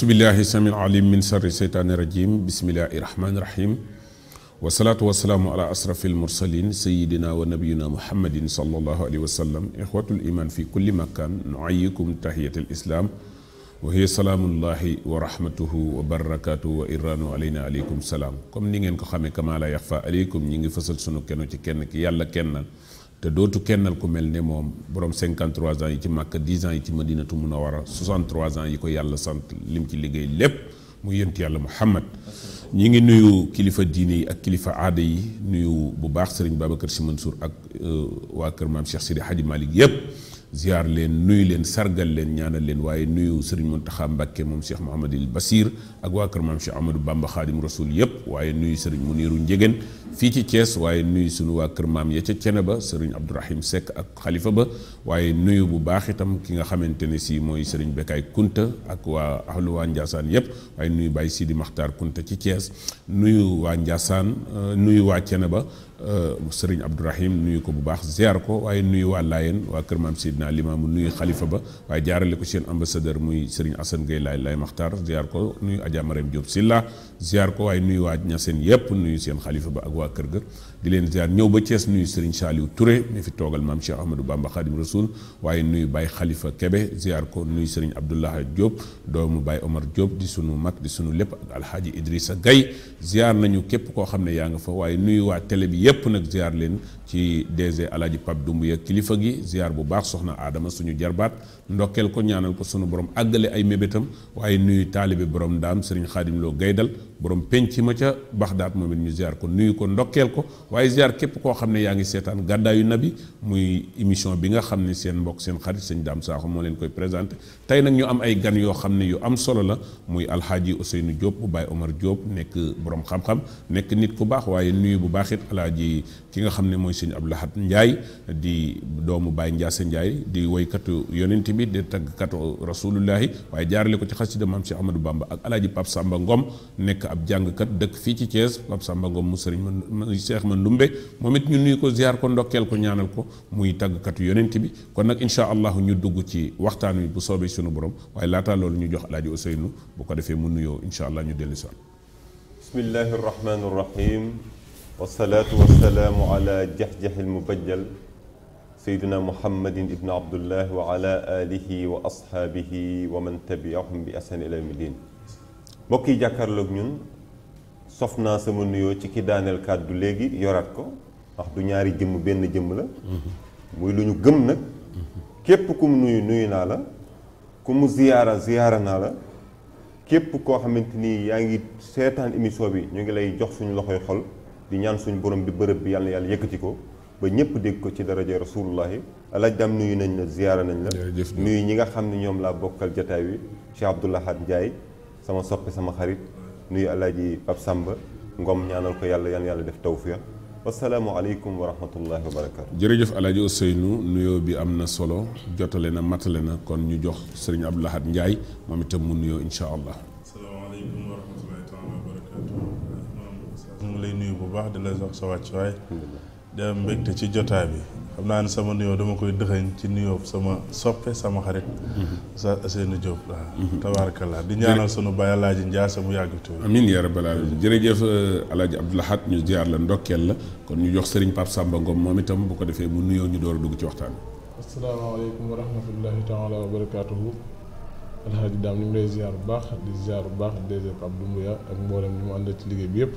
أعوذ بالله السميع العليم من شر الشيطان الرجيم بسم الله الرحمن الرحيم والصلاة والسلام على أشرف المرسلين سيدنا ونبينا محمد صلى الله عليه وسلم إخوة الإيمان في كل مكان نعيكم تحية الإسلام وهي سلام الله ورحمته وبركاته وإيران علينا عليكم سلام كم نين كو خامي كما لا يخفى عليكم نين فصل سونو كينو تي كين كي te dootu kennal ku mel ni moom borom 53 ans yi ci Makka 10 ans yi ci Madinatu a 63 ans yi ko yàlla sant lim ci liggéey lépp mu yënt yàlla Muhammad ñi ngi nuyu kilifa diine yi ak kilifa aada yi nuyu bu baax sëriñ Babacar Sy Mansour ak euh, waa kër maam Cheikh Sidi Hadji Malick yëpp. ziar leen nuyu leen sargal leen ñaanal leen waaye nuyu sëriñ Mountakha Mbacké moom Cheikh Mouhamadil Basir ak waa kër maam Cheikh Amadou Bamba Khadim Rasoul yëpp waaye nuyu sëriñ Muniru Njegen fii ci Thiès waaye nuyu sunu waa kër maam ya ca cene ba sëriñ Abdourahim Seck ak xalifa ba waaye nuyu bu baax itam ki nga xamante ne si mooy sëriñ Bekay Kunta ak waa ahlu waa Ndiassane yëpp waaye nuyu Baye Sidi Makhtar Kunta ci Thiès nuyu waa Ndiassane nuyu waa cene ba sëriñ Abdourahim nuyu ko bu baax ziar ko waaye nuyu waa Laayeen waa kër maam Seydina Limaamu nuyu xalifa ba waaye jaarale ko seen ambassadeur muy sëriñ Assane Gueye Laay Laay Maxtaar ziar ko nuyu Adja Marème Diop Silla ziar ko waaye nuyu waa Ñaseen yëpp nuyu seen xalifa ba ak waa kër ga di leen ziar ñëw ba Thiès nuyu Serigne Saliou Touré mi fi toogal maam Cheikh Ahmadou Bamba Khadim Rasoul waaye nuyu bay Khalifa Kebe ziar ko nuyu Serigne Abdoulaye Diop doomu bay Omar Diop di sunu mag di sunu lépp ak Alhaji Idrissa Gaye ziar nañu képp koo xam ne yaa nga fa waaye nuyu waa télé bi yépp nag ziar leen ci DG Alaaji dumb Doumbouya kilifa gi ziar bu baax soxna aadama suñu jarbaat ndokkeel ko ñaanal ko suñu borom àggale ay mébétam waaye nuyu taalibe borom ndaam Serigne Khadim Lo Gaydal borom penc ma ca baax Baxdaat moom it ñu ziar ko nuyu ko ndokkeel ko waaye ziar képp koo xam ne yaa ngi seetaan gàddaayu na bi muy émission bi nga xam ne seen mbokk seen xarit sëñ Daam Saaxo moo leen koy présenté tey nag ñu am ay gan yoo xam ne yu am solo la muy alxaaji Ousseynou Diop bu Baye Omar Diop nekk borom xam nekk nit ku baax waaye nuyu bu sëñ Abdou Lahad Ndiaye di doomu Baye Ndiasse Ndiaye di woykatu yonent bi di tàggkatu rasulullahi waaye jaarale ko ci xasida maam Cheikh Amadou Bamba ak alaaji Pape Samba Ngom nekk ab jàngkat dëkk fii ci cees Pape Samba Ngom mu sëriñ man Cheikh man Ndumbe moom it ñu nuyu ko ziar ko ndokkeel ko ñaanal ko muy tàggkatu yonent bi kon nag incha allahu ñu dugg ci waxtaan wi bu soobee sunu borom waaye laataa loolu ñu jox alaaji Ousseynou bu ko defee mu nuyoo incha allah ñu dellu si والصلاة والسلام على جحجح المبجل سيدنا محمد ابن عبد الله وعلى آله وأصحابه ومن تبعهم بأسن إلى المدين موكي جاكر لغنون صفنا سمونيو تيكي دانيل كاد دوليغي يوراتكو واخ دو نياري جيم بن جيم لا موي لونو گم نك كيب كوم نوي نالا كوم زيارة زيارة نالا كيب كو خامتيني ياغي سيتان ايميسو بي نيغي لاي جوخ سونو لوخوي خول di ñaan suñu borom bi bërëb bi yàlla yàlla yëkkati ko ba ñëpp dégg ko ci daraja rasulullahi alaaj daam nuyu nañ la ziyaara nañ la nuyu ñi nga xam ne ñoom laa bokkal jataay wi Cheikh Abdoul Ahad Ndiaye sama soppe sama xarit nuyu alaaji Pape Samba ngoom ñaanal ko yàlla yàlla yàlla def tawfiq wasalaamualeykum wa rahmatullahi wa barakatu jërëjëf alaaji Ousseynou nuyoo bi am na solo jotale na matale na kon ñu jox sëriñ Abdoul Ahad Ndiaye moom itam mu nuyoo incha allah baax di la jox sa wàccuwaay di am mbégte ci jotaay bi xam naa ne sama nuyoo dama koy dëxëñ ci nuyoo sama soppe sama xarit mm-hmm. sa Ousseynou Diop la mm-hmm. tabaarakallah di ñaanal sunu baay alaaji Njaase mu yàgg tuuti amiin yaa rabbal aalamiin jërëjëf eh, alaaji Abdoul Ahad ñu ziar la ndokkeel la kon ñu jox sëriñ Pape Samba Ngom moom itam bu ko defee mu nuyoo ñu door a dugg ci waxtaan bi asalaamaaleykum wa rahmatullahi taala wa barakaatuhu alhaaji daam ñu ngi lay ziar bu baax di ziar bu baax DG Pape Doumbouya ak mboolem ñu mu ànd bi yëpp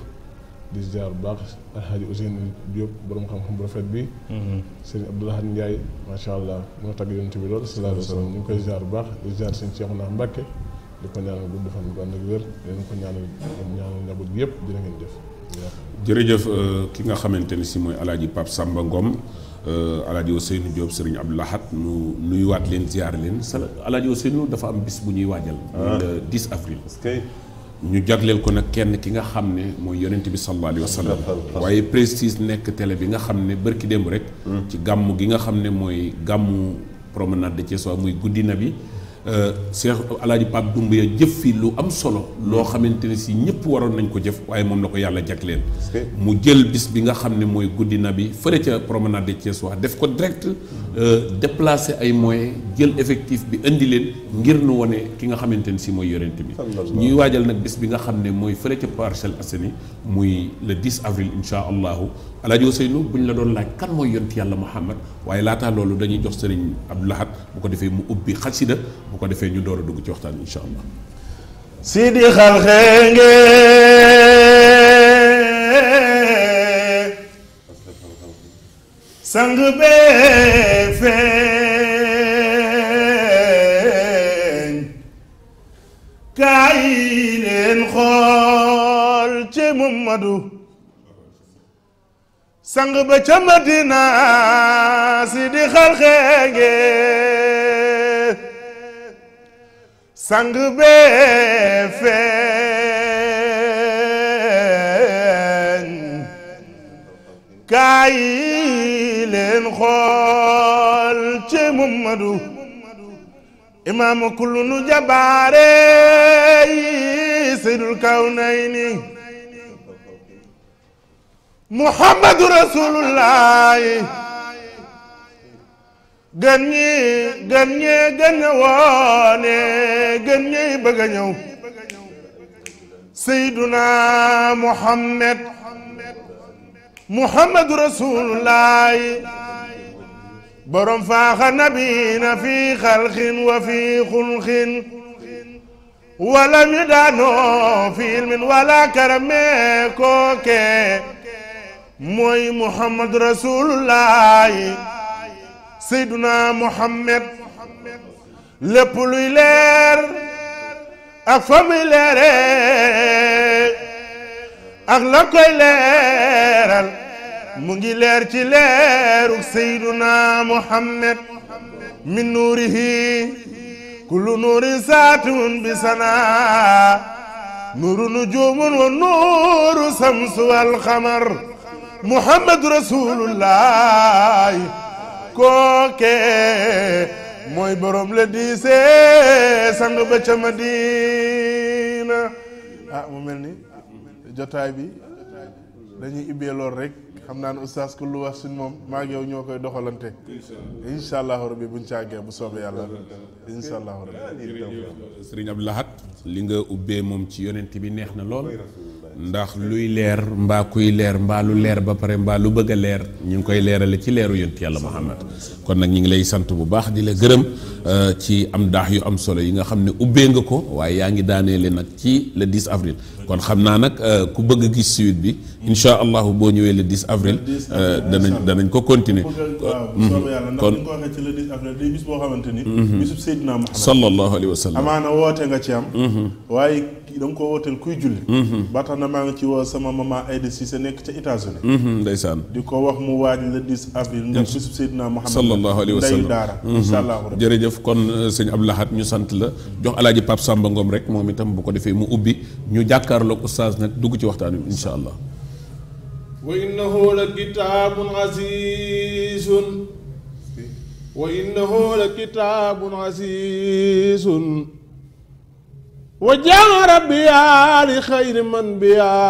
di ziar bu baax alxaaji Ousseynou Diop xam-xam bu rafet bi. Mm-hmm. sëñ Abdoulaye Ndiaye macha allah moo tagg yonent bi lool sallallahu alayhi wa sallam ngi koy ziar bu baax di ziar sëñ Cheikhouna Mbacke di ko ñaanal gudd fan bu ànd ak wér yëpp dina ngeen jëf. jërëjëf euh, ki nga xamante ni si mooy alaaji Pape Samba Ngom. Euh, alaaji Ousseynou Diop sëriñ Abdou Lahat nu nuyuwaat leen ziar leen. sala alaaji Ousseynou dafa am bis bu ñuy waajal. Ah. le 10 avril. ñu jagleel ko nag kenn ki nga xam ne mooy yonent bi sallallahu alayhi waaye Prestige nekk tele bi nga xam ne bërki démb rek mm. ci gàmm gi nga xam ne mooy gàmmu promenade de Thiès muy guddi na bi Euh, Cheikh Alaaji Pape Doumbia jëf fi lu am solo loo xamante ne si ñëpp waroon nañ ko jëf waaye moom la ko yàlla jagleen mu jël bis bi nga xam ne mooy guddi na bi fële ca promenade de Thiès wax def ko direct euh, déplacer ay moyens jël effectif bi indi leen ngir nu wone ki nga xamante ne si mooy yorent bi ñuy waajal nag bis bi nga xam ne mooy fële ca Parcelles Assainies muy le 10 avril incha allahu alaaji Ousseynou buñ la doon laaj kan mooy yonti yàlla Muhammad waaye laataa loolu dañuy jox sëriñ Abdou Lahad bu ko defee mu ubbi xasida bu ko defee ñu door a dugg ci waxtaan insha allah sidi xalxe nge sang leen xool ci Muhammadu sang ba ca madina si di xalxe nge sang bee feeñ kaay leen xool ci Muhammadu imaamu kullu nu jabaare yi seydul kawnayni محمد رسول الله gën ñi gën ñi gën woone gën ñi bëgg a ñëw sayduna muhammad muhammad rasulullahi borom faaxa nabina fi xalqin wa fi xulqin wala mi daanoo fi ilmin wala karame kooke mooy muhammad rasulullahi seyduna muhammad lépp luy leer ak fa muy leere ak la koy leeral mu ngi leer ci leeru seyduna muhammad min nuurihi kullu nuurin saatun bi sana nuuru nujuumun wa nuuru samsu wal xamar muhammadu rasulullahi kooke mooy borom la diisee sang ba ca madina ah mu mel ni jotaay bi dañuy ibbee lool rek xam naa ne oustaz ku lu wax suñ moom maa ngi ñoo koy doxalante incha allahu rabbi buñ ci àggee bu soobee yàlla incha allahu rabbi sëriñ nga ubbee moom ci yonent bi neex na lool ndax luy leer mbaa kuy leer mbaa lu leer ba pare mbaa lu bëgg a leer ñu ngi koy leerale ci leeru yonent yàlla Muhammad kon nag ñu ngi lay sant bu baax di la gërëm euh, ci am daax yu am solo yi nga xam ne ubbee nga ko waaye yaa ngi daaneele nag ci le 10 avril kon xam naa nag euh, ku bëgg a gis suite bi incha allahu boo ñëwee le 10 euh, avril danañ danañ ko continuer mhm. kon bis boo xamante mhm. am mhm. kii da nga koo wooteel kuy julli. Mhm. ba tax na maa ngi ci woo sama maman Aïda Cissé nekk ca États-Unis mhm, ndeysaan di ko wax mu waaj le 10 avril. ndax mhm. bisub Seydina Muhammad sallallahu alayhi wa sallam daara. incha kon euh, sëñ Abdou Lahad ñu sant la jox alaaji Pape Samba Ngom rek moom itam bu ko defee mu ubbi ñu jàkkaarloog oustaz nag dugg ci waxtaan wi incha allah. kitaabun azizun وجعل ربي لخير من بيا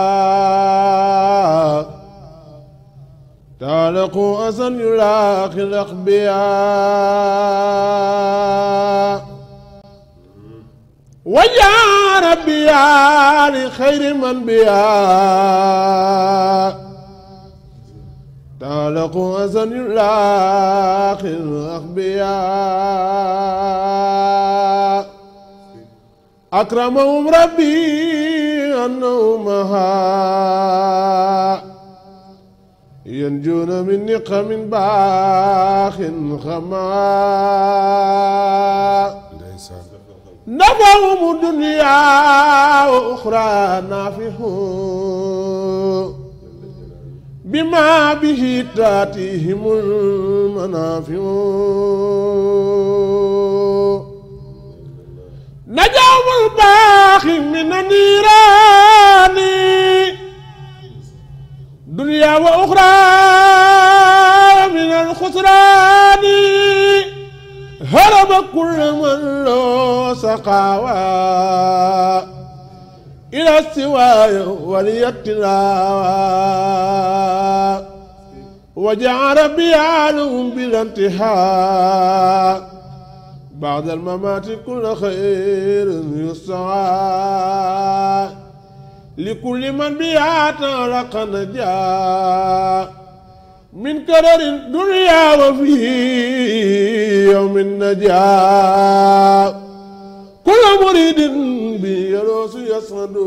تعلق أسن يلاقي الأقبياء ويا ربي لخير من بيا تعلق أسن يلاقي الأقبياء أكرمهم ربي أنهم ينجون من نقم باخ خما نفعهم الدنيا وأخرى نافح بما به تاتيهم المنافع نجاو الباخي من النيران دنيا وأخرى من الخسران هرب كل من له سقاوى إلى السواي وليتلاوى وجعل بيعلم بالانتهاء بعد الممات كل خير يسعى لكل من بها تعرق نجا من كرر الدنيا وفي يوم النجاة كل مريد بيروس يصعد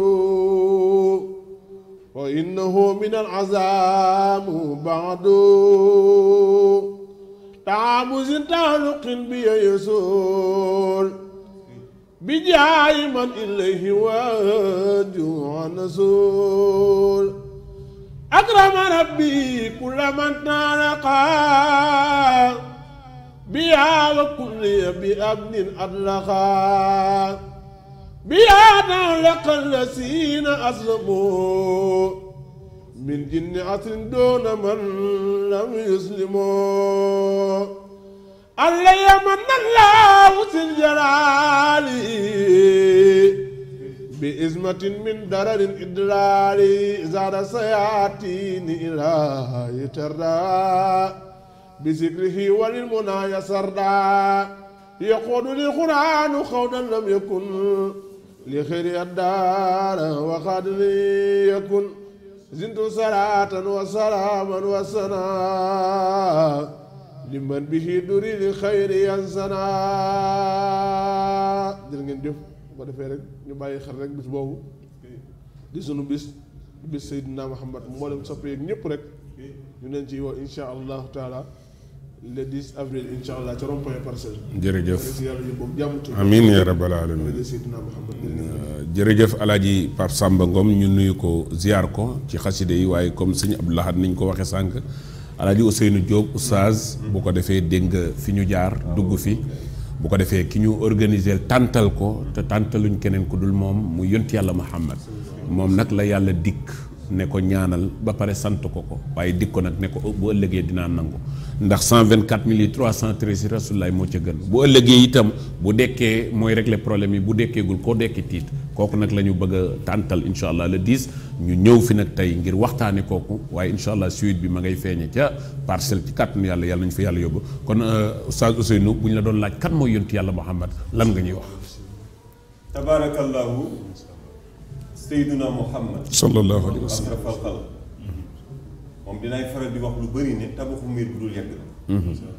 وإنه من العذاب بعد تعبز تعلق بي يسول بجاي من إليه وادي ونسول أكرم ربي كل من تعلق بيا وكل أبن أطلقا بيا تعلق الذين أسلموا من جنعة دون من لم يسلموا ألا يمن الله في بإزمة من درر إدلال زاد سياتين إلى يترى بذكره وللمنى يسردى يقول القرآن خودا لم يكن لخير الدار وقد لم يكن زنت صلاة وسلاما وسنا لمن به دري لخير ينسنا jërë ngeen jëf bu ko defee rek ñu bàyyi xel rek bis boobu di sunu bis bis Seydina Muhammad mboolem soppeek ñëpp rek ñu leen ci woo insha allahu taala le 10 avril incha allah ca rond-point Parcelles. jërëjëf amiin yaa rabbal alamin euh, jërëjëf alaaji par Samba Ngom ñu nuyu ko ziar ko ci xaside yi waaye comme sëñ ab laxaat niñ ko waxee sànq alaaji Ousseynou Diop oustaz bu ko defee dégg nga fi ñu jaar dugg fi bu ko defee ki ñu organiser tàntal ko te tàntaluñ keneen ku dul moom mu yont yàlla Muhammad moom nag la yàlla dikk ne ko ñaanal ba pare sant ko ko waaye dik ko nag ne ko bu ëllëgee dinaa nangu ndax cent 124 mille 313 rasulaay moo ca gën bu ëllëgee itam bu dekkee mooy régler problème yi bu dekkeegul koo dekki tiit kooku nag la ñu bëgg a tàntal incha allah le diis ñu ñëw fi nag tey ngir waxtaane kooku waaye incha allah suite bi ma ngay feeñe ca parcelle ci kàttanu yàlla yàlla nañu fa yàlla yóbbu kon euh, oustaz Ousseynou bu ñu la doon laaj kan mooy yontu yàlla Muhammad lan nga ñuy wax Seydina Muhammad sallallahu alayhi wa sallam falxal moom dinaay faral di wax lu bëri ne tabaxu miir bu dul yegg na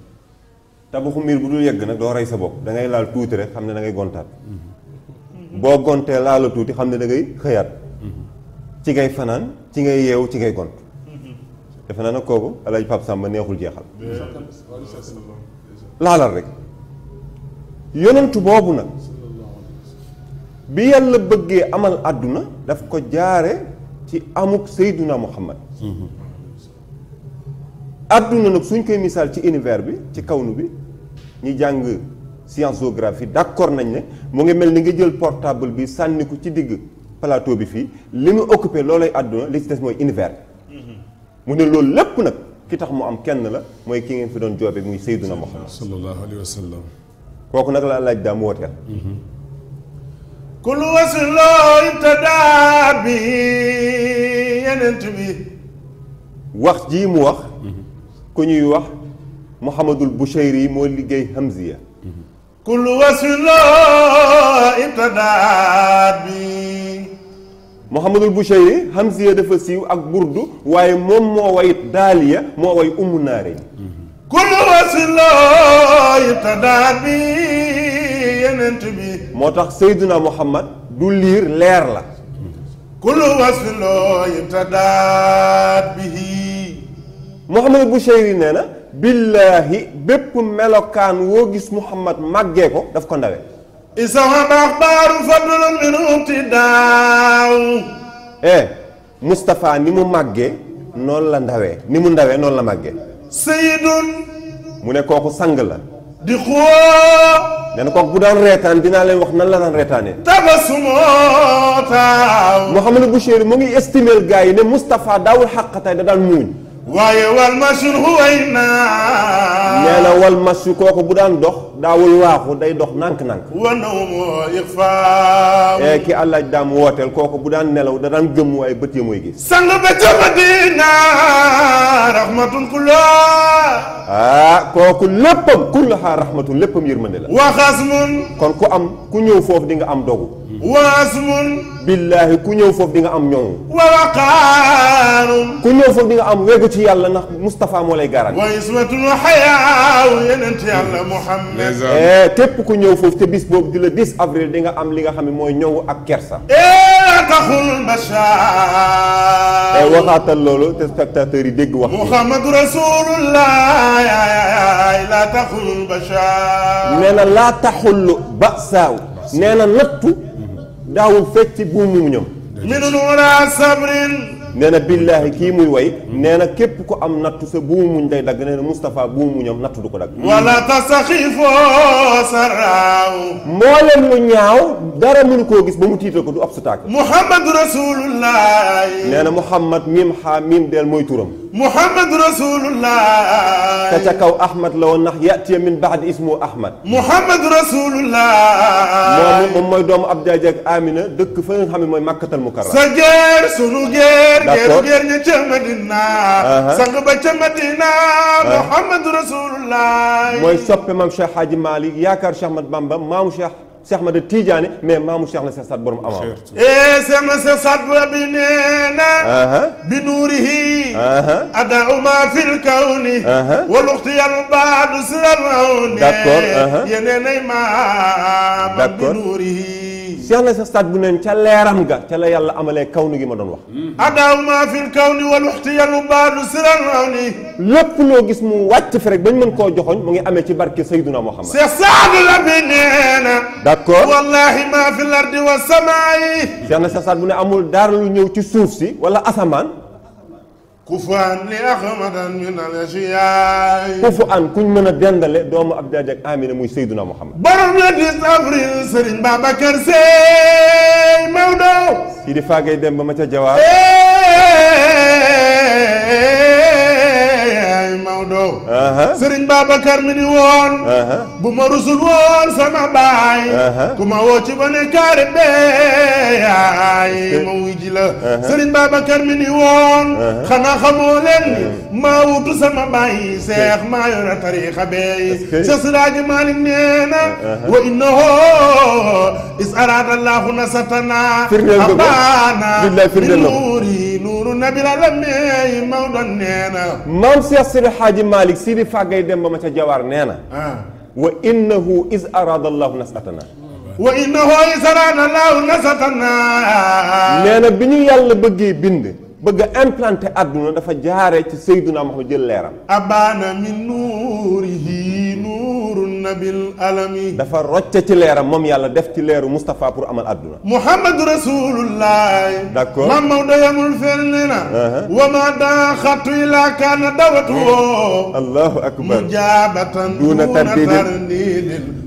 tabaxu miir bu dul yegg nag doo rey sa bopp da ngay laal tuuti rek xam ne da ngay gontaat boo gontee laala tuuti xam ne da ngay xëyaat ci ngay fanaan ci ngay yeewu ci ngay gont defe naa nag kooku El Hadj Pape Samba neexul jeexal laalal rek yonentu boobu nag bi yàlla bëggee amal àdduna daf ko jaare ci amuk Seyduna Muhammad àdduna nag suñ koy misaal ci univers bi ci kawnu bi ñi jàng science géographie d'accord nañ ne mu ngi mel ni nga jël portable bi sànni ko ci digg plateau bi fii li mu occupé loolay àdduna li ci des mooy univers mu ne loolu lépp nag ki tax mu am kenn la mooy ki ngeen fi doon joobe muy Seyduna Muhammad sallallahu alayhi wa sallam kooku nag la laaj daa kul wasloo ibtada bi yenent wax jii mu wax mhm. ku ñuy wax Muhammadul Bushayri moo liggéey Hamziya mhm. kul wasloo ibtada bi Muhammadul Bushayri Hamziya dafa siiw ak burdu waaye moom moo way daaliya moo way umu naare mhm. kul wasiloo yittada bi yenent bi moo tax Seydina Muhammad du liir leer la kul wasiloo yittada bi Muhammad Buseyri nee na billaahi bépp melokaan woo gis Muhammad màggee ko daf ko ndawe isawa baax baaru fadlun minum ti daaw eh Moustapha ni mu màggee noonu la ndawee ni mu ndawee noonu la màggee sayidun mu ne kooku sang la di xoo nee kooku bu daan reetaan dinaa leen wax nan la daan reetaanee tabasumoota Mouhamadou Bouchir mu ngi estimer gaa yi ne Moustapha daawul xàqatay da daan muuñ waaye wal masu huway naa. nee na wal masu kooku bu daan dox daawul waaxu day dox nànk-nànk. wanaw moo ixfaaw. ee eh, ki allah daam wooteel kooku bu daan nelaw da daan gëmm waaye bët yi mooy gis. sang ba ca Madina rahmatul kullaa. ah kooku léppam kullaha rahmatul léppam yërmande la. waxas mun. kon ku am ku ñëw foofu di nga am dogu. waasmun billaahi ku ñëw foofu di nga am ñoom wawaqaarun ku ñëw foofu di nga am wéegu ci yàlla ndax Moustapha moo lay garan wa ismatun xayaaw yenent yàlla Muhammad eh, képp ku ñëw foofu te bis boobu di le 10 avril di nga am li nga xam ne mooy ñëw ak kersa eh, taxul bashar eh, waxaatal loolu te yi dégg wax Muhammad rasulullah laa taxul bashar nee na laa taxul ba saaw nee nattu daawul fecc buum mu ñoom. minun wala sabrin. nee na billaahi kii muy way nee na képp ko am nattu sa buum muñ day dagg nee na Moustapha buum muñam nattu du ko dagg. wala tasaxifoo saraaw. mboolem lu ñaaw dara mënu koo gis ba mu tiital ko du obstacle. Muhammad rasulullah. nee na Muhammad mim xaa mim del mooy turam. محمد رسول الله تتكو احمد لو نح ياتي من بعد اسمه احمد محمد رسول الله مو موي دوم عبد الجك امينه دك فين خامي موي مكه المكرمه سجر سونو غير غير غير ني مدينه سانغ با تي مدينه محمد رسول الله موي سوبي مام شيخ حاج مالك ياكار شيخ احمد بامبا مام شيخ Cheikh Ahmada Tidiane mais maamu Cheikh na Cheikh Saad borom amaam. eh Cheikh na Cheikh Saad bi nee na. bi nuurihi. adaa ma fil kawni. wal uxtiyal baadu si al mawni. d'accord yeneen ay maam. d'accord bi nuurihi. Cheikh na sax saat bu neen ca leeram ga ca la yàlla amalee kawnu gi ma doon wax adaaw ma fi l kawni waluxtiyalu baadu siran aw nii lépp loo gis mu wàcc fi rek bañ mën koo joxoñ mu ngi amee ci barke Sayyiduna Muhammad Cheikh Saadu la bi nee na d'accord wallahi ma fi l wa samaayi Cheikh na sax saat bu ne amul dara lu ñëw ci suuf si wala asamaan Kufaan li Ahmadan min al-ashiyaay. Kufaan kuñ mën a dendale doomu Abdel ak Amina muy Seydina Mohamed. borom la 10 avril Serigne Babacar Seye Maodo. Sidi Fagay dem ba ma ca Jawaar. Eh, دو سرين بابا كارميني وان بوما رسول وان سما باي كما واتي واني كاربي مويجي لا سرين بابا كارميني وان خنا خمولن ما وطو سما باي سيخ ما يونا تاريخ بي سسراج مالي نينا وإنه إس أراد الله نسطنا أبانا من نوري نور نبي العالمين موضوع نينا مام سياسي الحاجة الحاج مالك سيدي فاغي دم ما جوار نانا وانه اذ اراد الله نسعتنا وانه اذ اراد الله نسعتنا نانا بني يلا بغي بند bëgg a implanté àdduna dafa jaaree ci Seydina Muhammad jël leeram abaana min nuurihi nuurun nabil alami dafa rocce ci leeram moom yàlla def ci leeru Moustapha pour amal àdduna muhammadu rasulullahi d'accord mam maw dayamul fel ne na uh-huh. wa ma daa xattu ilaa kaana dawatu allahu akbar mujaabatan duuna tardidin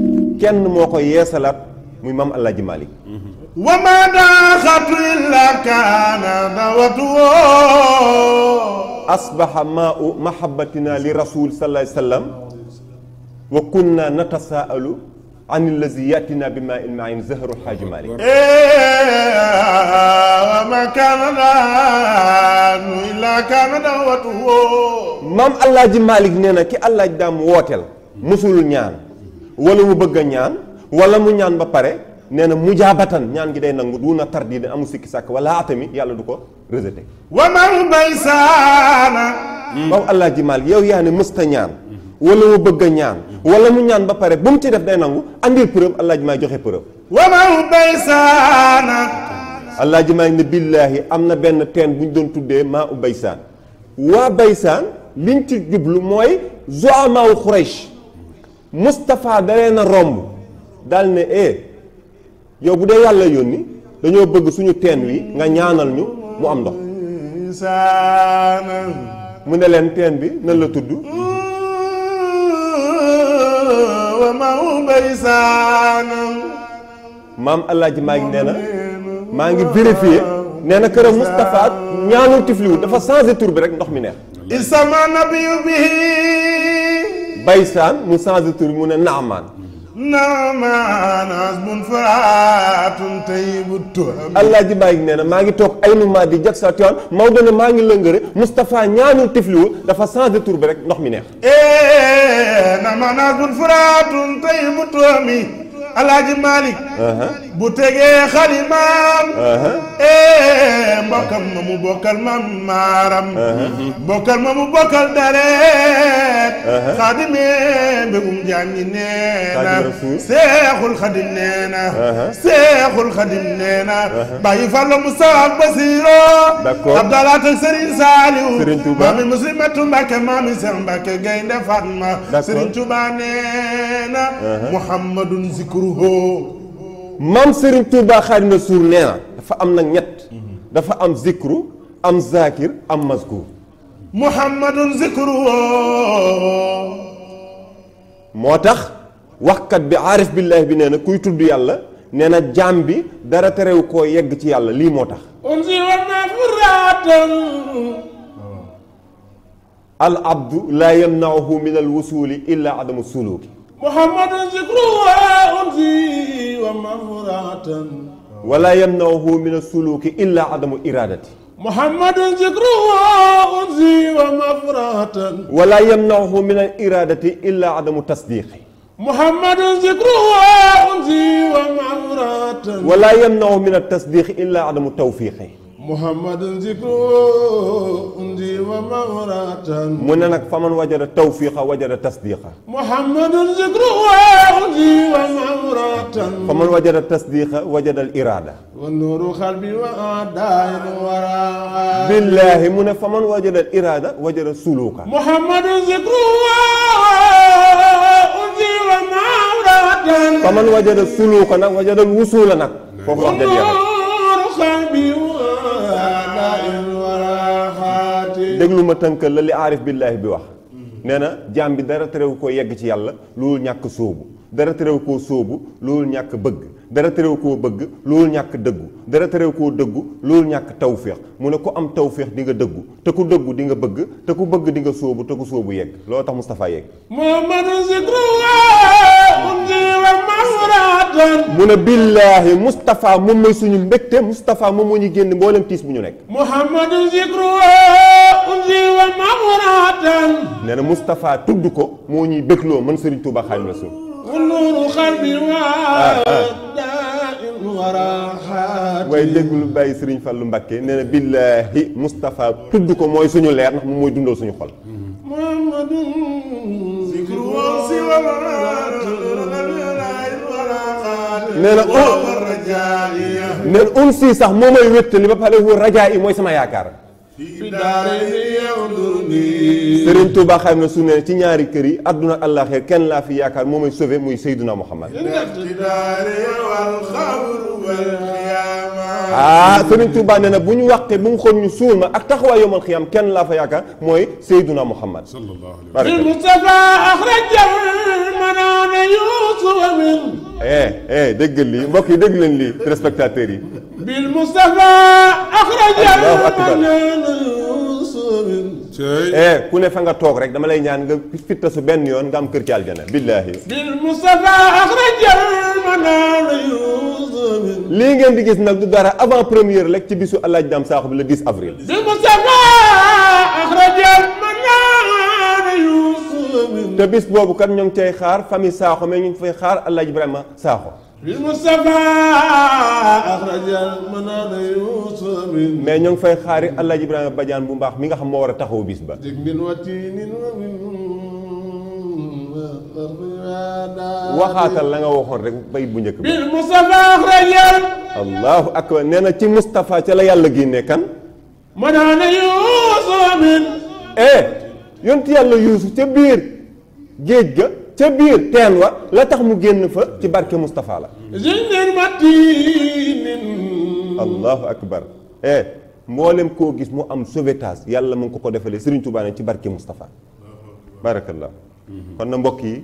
kenn moo ko yeesalaat muy maam El Hadj Malick. wa maa daaxatu illa kaana dawatu asbaha maa u mahabbatina li rasul sallallahu alayhi wa sallam wa kunna natasaalu an allazi yatina bi maa in maayin zahru xaaji Malick. Eh, wa maa kaana daanu illa kaana dawatu maam El Hadj Malick nee na ki El Hadj daam wooteel. musul ñaan. wala mu bëgg a ñaan wala mu ñaan ba pare nee na mujaabatan ñaan gi day nangu duuna tardi di amu sikki sàkk wala atami yàlla du ko rejeté wa man baysaana hmm. waaw allah ji maal yow yaa ne bëgg ñaan wala mu ñaan ba pare bu mu ci def day nangu andil preuve allah ji maay joxe preuve wa man baysaana allah billaahi am na benn teen bu ñu doon tuddee maa u baysaan waa baysaan liñ ci jublu mooy zoamaawu xuraysh Moustapha da leen a romb daal ne eh yow bu dee yàlla yónni dañoo bëgg suñu teen wi nga ñaanal ñu mu am ndox mu ne leen teen bi nan la tudd maam Alaaji maa ngi nee na maa ngi vérifié nee na këram Moustapha ñaanul tifliwu dafa changé tur bi rek ndox mi neex isama nabiyu bihi بيسان موسى زتور مونا نعمان نعمان عزبون فرات تيب التهم الله جي باغي نانا ماغي توك اي نوما دي جاك ساتيون مودو ني ماغي لنگري مصطفى نيانو تفلو دا فا سان دي تور بريك نوخ مي نيه نعمان عزبون فرات تيب التهم الله جي مالك بو تيغي خليمام إيه، مبوكل مم بوكل مم مارم بوكل مم بوكل داري Uh-huh. xaadim mbégum jaam ñi nee na seexul xadim nee na uh-huh. seexul xadim nee na uh-huh. bàyyi fàllu Musa ak Basiro Abdalaat ak Serigne Saliou maami muslimatu Mbàkke maami Seex Mbàkke gaynde Fatma Serigne Touba nee na Muhammadun zikruhu maam Serigne Touba Xaadimu Rasuul nee na dafa am nag ñett mm-hmm. dafa am zikru am zakir am mazkur محمد ذكره موتاخ وقت بعارف بالله بنانا كوي تود يالا نانا جامبي دارا تريو كو ييغ يالا لي موتاخ انزي ورنا فرات العبد لا يمنعه من الوصول الا عدم السلوك محمد ذكره انزي ومغفرات ولا يمنعه من السلوك الا عدم إرادتي محمد ذكره أنزي ومفرات ولا يمنعه من الإرادة إلا عدم تصديقه محمد ذكره أنزي ومفرات ولا يمنعه من التصديق إلا عدم توفيقه محمد ذكره أنجي ومغراتا من فمن وجد التوفيق وجد التصديق محمد ذكره أنجي ومغراتا فمن وجد التصديق وجد الإرادة والنور خلبي وأعداء وراء بالله من فمن وجد الإرادة وجد السلوك محمد ذكره faman wajada suluka nag wajada wusula nag foofu wax dëgg yàlla déglu ma tënk la li aarif billahi bi wax nee na jaam bi dara terewu koo yegg ci yàlla loolu ñàkk sóobu dara terewu koo sóobu loolu ñàkk bëgg dara terewu koo bëgg loolu ñàkk dëggu dara terewu koo dëggu loolu ñàkk tawféex mu ne ku am tawféex di nga dëggu te ku dëggu di nga bëgg te ku bëgg di nga sóobu te ku sóobu yegg loolu tax Moustapha yegg mu ne billahi Moustapha moom mooy suñu mbégte Moustapha moom moo ñu génn mboolem tiis bu ñu nekk Muhammadu zikru انذروا مرة نانا مصطفى تدكو مو ني بكلو من سيرن توبا خاج رسول نور قلب الواد آه، آه. وراحات واي دغلو باي سيرن فالو مباكي نانا بالله مصطفى تدكو موي سونو لير نخ موي دوندو سونو خول محمد ذكر وصي ولا نانا او نانا انسي صح مومي ريت لي با بالي هو رجائي موي سما ياكار سيرين توبا خايمنا سونين تي نياري كيري ادنا الله خير كين لا في ياكار مومي سوفي موي سيدنا محمد اه سيرين توبا نانا بو ني واخ بو نخون ني سورما اك تخوا يوم القيامه كين لا في ياكار موي سيدنا محمد صلى الله عليه وسلم المصطفى اخرج المنان يوسف من ايه ايه دقل لي مبكي دقلن لي ريسبكتاتوري بالمصطفى اخرج المنان eh ku ne fa nga toog rek dama lay ñaan nga fitta su benn yoon nga am kër ci aljana billaahi bil mustafa akhrajal manana lii ngeen di gis nag du dara avant première rek ci bisu alaaj daam saaxu bi la 10 avril bil mustafa akhrajal manana te bis boobu kat ñoo ngi cay xaar famille saaxo mais ñu ngi fay xaar alaaj ma saaxo بالمصطفى اخرج fay xaari allah jibran badian bu mbax mi nga xam mo wara taxaw bis ba waxaatal la nga waxoon rek bay bu njëkk mustafa allahu akbar nee na ci ca la yàlla min kan? eh yonti yàlla Yusuf ca biir ga ca biir teen wa la tax mu génn fa ci barke Moustapha la allahu akbar eh mboolem koo gis mu am sauvetage yàlla mu ngi ko ko defalee Serigne Touba ci barke Moustapha barakallah kon na mbokk yi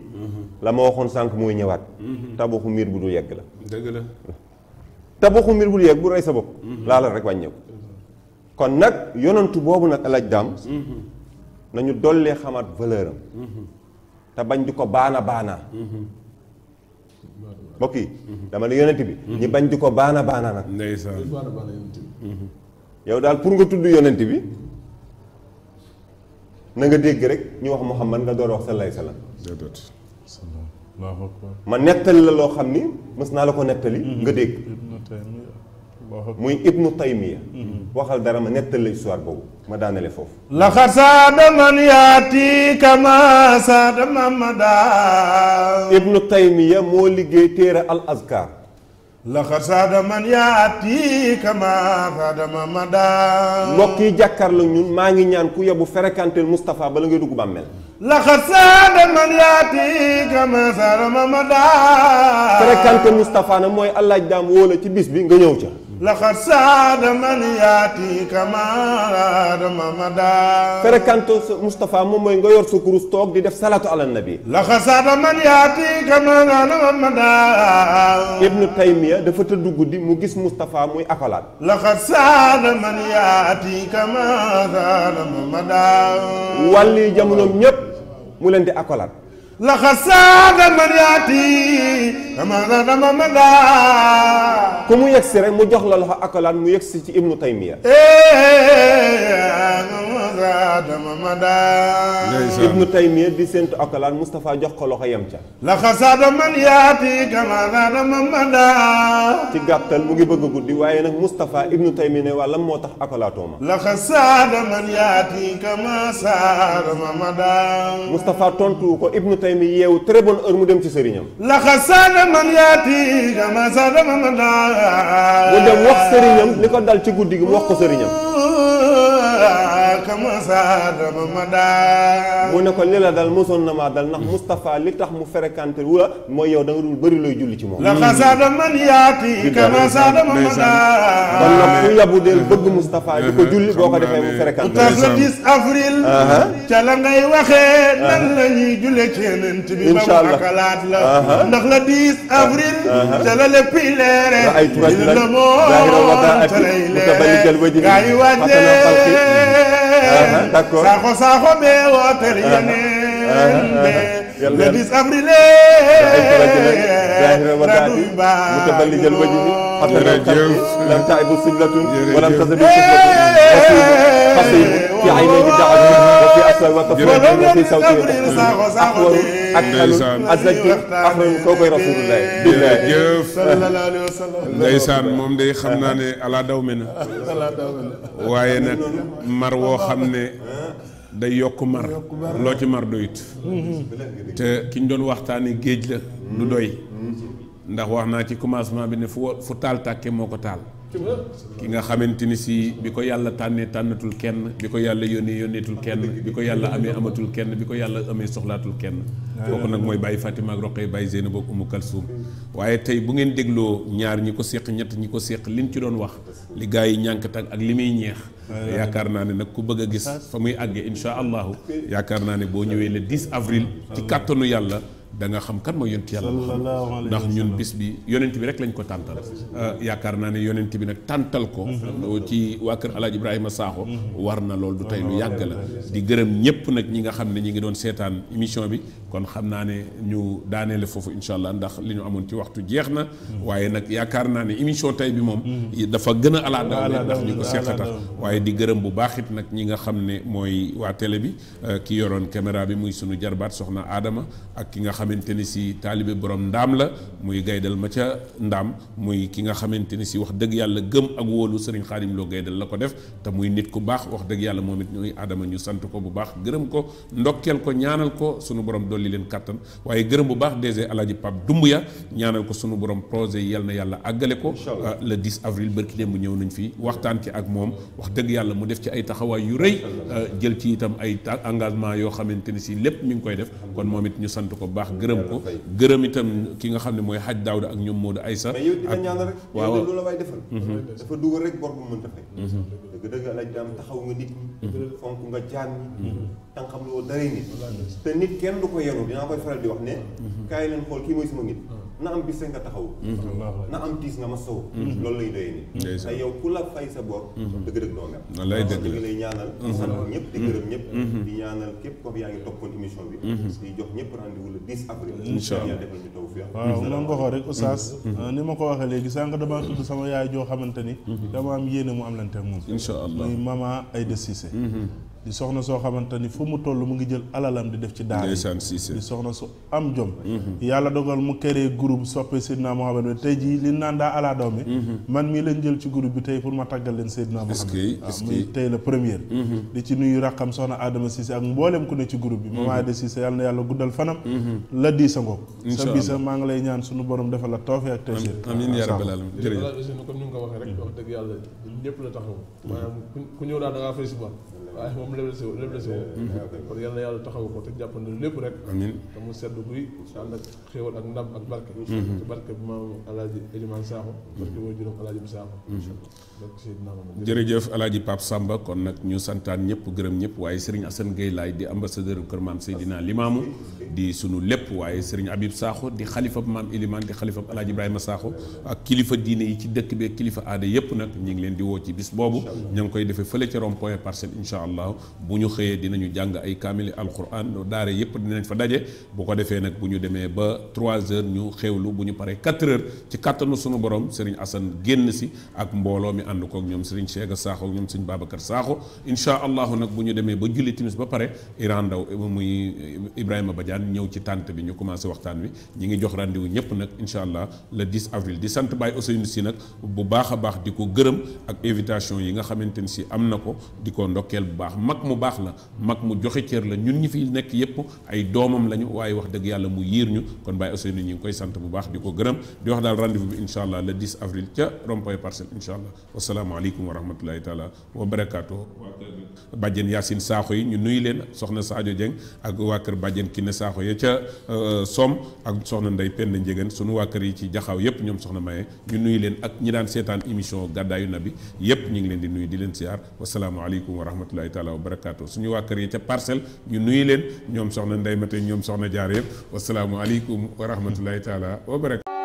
la ma waxoon sànq mooy ñëwaat tabaxu miir bu dul yegg la dëgg la tabaxu miir bu dul yegg bu rey sa bopp laala rek wàññeeku kon nag yonantu boobu nag alaaj daam mm-hmm. nañu dollee xamaat valeur te bañ di ko baana baana. mbokk yi. dama ne yonent bi. ñi bañ di ko baana baana nag. ndeysaan yow daal pour nga tudd yonent bi nanga dégg rek ñu wax Muhammad nga door wax salaay salaam. ma nettali la loo xam ni mës naa la ko nettali. nga dégg. muy ibnu taymiya waxal dara ma netal lay histoire bobu ma daanale foofu laxa saada man yati kama saada mamada ibnu taymiya mo liggéey tere al azkar laxa saada man yati kama saada mamada nokki jakar la ñun ma ngi ñaan ku yebu mustafa ba la ngay dugg bàmmel laxa saada man yaati kama saada mamada fréquentel Moustapha na mooy allaaj daam wóola ci bis bi nga ñëw ca laxat saada moom mooy nga yor sa kurus toog di def salaatu ala nabi laxat saada Ibnu Taymiya dafa tëdd guddi mu gis Moustapha muy akolaat laxat saada man jamonoom ñépp mu leen di akolaat laxasaada mariyaati dama dama mada ku mu yegsi rek mu jox la loxo akalaat mu yegsi ci ibnu taymiya zaadama ibnu taymiya di séentu akalaan Moustapha jox ko loxo yem ca la xasaada ci gàttal mu ngi bëgg guddi waaye nag Moustapha ibnu taymiya ne waa moo tax akalaatoo ma la xasaada tontu ko ibnu taymiya yeewu très bonne heure mu dem ci sëriñam la xasaada sëriñam mu ne ko li la dal mosoon na maa dal ndax Moustapha li tax mu fréquenté wu la mooy yow da nga dul bëri looy julli ci moom. la xasaada man yaati kama ma ma daa. kon nag ku yabu deel bëgg Moustapha di ko julli boo ko defee mu fréquenté. tax la 10 avril. ca la ngay waxee. la ñuy jullee la. ndax la 10 avril. ca la lépp yi leere. Ah, d'accord saaxo saaxo be wootel ah, yeneen be ah, le 10 avril radu mbaa mutaballijal wajhi hatta lam ta'ib siblatun wa lam tazid siblatun قصير في eh, eh. eh, moom day xam naa ne ala daw na waaye nag mar woo xam ne day yokk mar loo ci mar doyut te ki ñu doon waxtaanee géej la du doy mm-hmm. ndax wax naa ci commencement bi ne fu fu taal tàkke moo ko taal ki nga xamante ni si bi ko yàlla tànnee tànnatul kenn bi ko yàlla yónnee yónneetul kenn bi ko yàlla amee amatul kenn bi ko yàlla amee soxlaatul kenn kooku nag mooy bàyyi Fatima ak Roqee bàyyi Zeynab ak Umu Kalsum waaye tey bu ngeen dégloo ñaar ñi ko séq ñett ñi ko séq liñ ci doon wax li gaa yi ñànkatak ak li muy ñeex yaakaar naa ne nag ku bëgg a gis fa muy àggee insha allahu yaakaar naa ne boo ñëwee le 10 avril ci kàttanu yàlla da nga xam kan mooy yonent yàlla Muhammad ndax ñun bis bi yonent bi rek lañ ko tàntal euh, yaakaar naa ne yonent bi nag tàntal ko mm-hmm. ci waa kër alaaj Ibrahima Sakho mm-hmm. war na lool du tey lu yàgg la di gërëm ñëpp nag ñi nga xam ne ñi ngi doon seetaan émission bi kon xam naa ne ñu daaneele foofu incha allah ndax li ñu amoon ci waxtu jeex na mm-hmm. waaye nag yaakaar naa ne émission tey bi moom dafa gën a ala daw ñu ko seeq a waaye di gërëm bu baaxit nag ñi nga xam ne mooy waa tele bi euh, ki yoroon caméra bi muy sunu jarbaat soxna aadama ak ki nga xam xamanteni ni si taalibe borom ndam la muy gaydal ma ca ndam muy ki nga xamanteni ni si wax deug yàlla gëm ak wolu serigne khadim lo gaydal la ko def te muy nit ku bax wax deug yàlla momit ñuy adama ñu sant ko bu bax gërëm ko ndokkel ko ñaanal ko sunu borom doli len katan waye gërëm bu bax DG Alaaji Pape Doumbouya ñaanal ko sunu borom projet yal na yàlla agalé ko le 10 avril bërki démb ñëw nañ fi waxtaan ci ak mom wax deug yàlla mu def ci ay taxaway yu reuy jël ci itam ay engagement yo xamanteni si lépp mi ngi koy def kon momit ñu sant ko bax gërëm ko gërëm itam ki nga xam ne mooy xaj daawda ak ñoom Modou Aïssa mais yow dina ñaan rek waaw yow loolu la waay defal mhm. dafa dugal rek bor bu mën ta fay mhm. dëgg dëgg alaaj daam taxaw nga nit ñi mhm. fonk nga jaan ñi tànxam loo dara nit te nit kenn du ko yenu dinaa koy faral di wax ne kaay leen xool kii mooy sama nit na am bés nga taxaw na am tiis nga ma sow mhm. mhm. loolu lay doyee ni te yow ku la fay sa bor mhm. dëgg-dëgg doo mel ñu ngi lay ñaanal sant ñëpp di ñaanal képp ko yaa ngi toppoon bi di jox ñëpp rendez-vous le 10 avril nga waxoo euh, léegi sànq damaa tudd sama yaay joo xamante ni dama am yéene mu am lante moom incha allah muy mama Aïda Cissé di soxna soo xamante ni fu mu toll mu ngi jël alalam di def ci daara di soxna su am jom yàlla dogal mu créé groupe soppe Seydina Mohamed bi tey jii li naan daa ala man mii leen jël ci groupe bi tey pour ma tàggal leen Seydina Mohamed waaw muy tey la première di ci nuyu ràqam soxna Adama Cissé ak mbooleem ku ne ci groupe bi mamaa de Cissé yàlla na yàlla guddal fanam la dii sa ngoog sa bi sa maa ngi lay ñaan suñu borom defal la toofe ak tey amiin yaa rabbal ko waxee rek wax dëgg yàlla ñëpp la taxaw maanaam ku ñëw waaye moom lëblese wu lëblese yàlla taxawu ko te jàppandal lépp rek amiin te mu sedd guy ànd ak xéewal ak ndam ak barke ci mm-hmm. barke bi maam alaaji Eliman Saaxo mm-hmm. barke boo juróom mm-hmm. jërëjëf alaaji Pape Samba kon nag ñu santaan ñëpp gërëm ñëpp waaye Serigne Assane Gueye laay di ambassadeur kër maam Seydina Limaamu di sunu lépp waaye Serigne Habib Saaxo di xalifab maam Eliman di xalifab alaaji Ibrahima Saaxo ak kilifa diine yi ci dëkk bi kilifa aada yëpp nag ñu ngi leen di woo ci bis boobu ña ngi koy defee fële ca rond-point Parcelles insha allah bu ñu xëyee dinañu jàng ay kaamili alquran daara yépp dinañ fa daje bu ko defee nag bu ñu demee ba 3 heures ñu xewlu bu ñu paree 4 heures ci kattanu sunu borom Serigne Assane génn si ak mbooloo mi ànd koog ñoom Serigne Cheikh Sakho ak ñoom Serigne Babacar Sakho incha allahu nag bu ñu demee ba julli timis ba pare Iran Ndaw muy Ibrahima Badiane ñëw ci tànt bi ñu commencé waxtaan wi ñi ngi jox rendez-vous ñëpp nag incha allah le avril di sant Baye si nag bu baax a baax di ko gërëm yi nga xamante baax mag mu baax la mag mu joxe cër la ñun ñi fi nekk yëpp ay doomam lañu waaye wax dëgg yàlla mu yiir ñu kon Baye Ousseynou ñu ngi koy sant bu baax di ko gërëm di wax daal rendez-vous bi incha allah le 10 avril ca rond-point Parcelles incha allah wasalaamaaleykum wa rahmatulahi taala wa barakaatu. waa kër Badiane Yacine yi ñu nuyu leen soxna Sadio Dieng ak waa kër ki ne Sakho ya ca euh, Somm ak soxna Ndeye Penda Ndiégane sunu waa kër yi ci jaxaw yëpp ñoom soxna Maye ñu nuyu leen ak ñi daan seetaan émission gàddaayu nabi yëpp ñu ngi leen di nuyu di leen si siyaar wasalaamualeykum wa rahmatulahi rahmatullahi taala wa barakaatu suñu waa kër yi ca parcelle ñu nuyu leen ñoom soxna Ndeye Mate ñoom soxna Jaar yëpp wasalaamualeykum wa rahmatullahi taala wa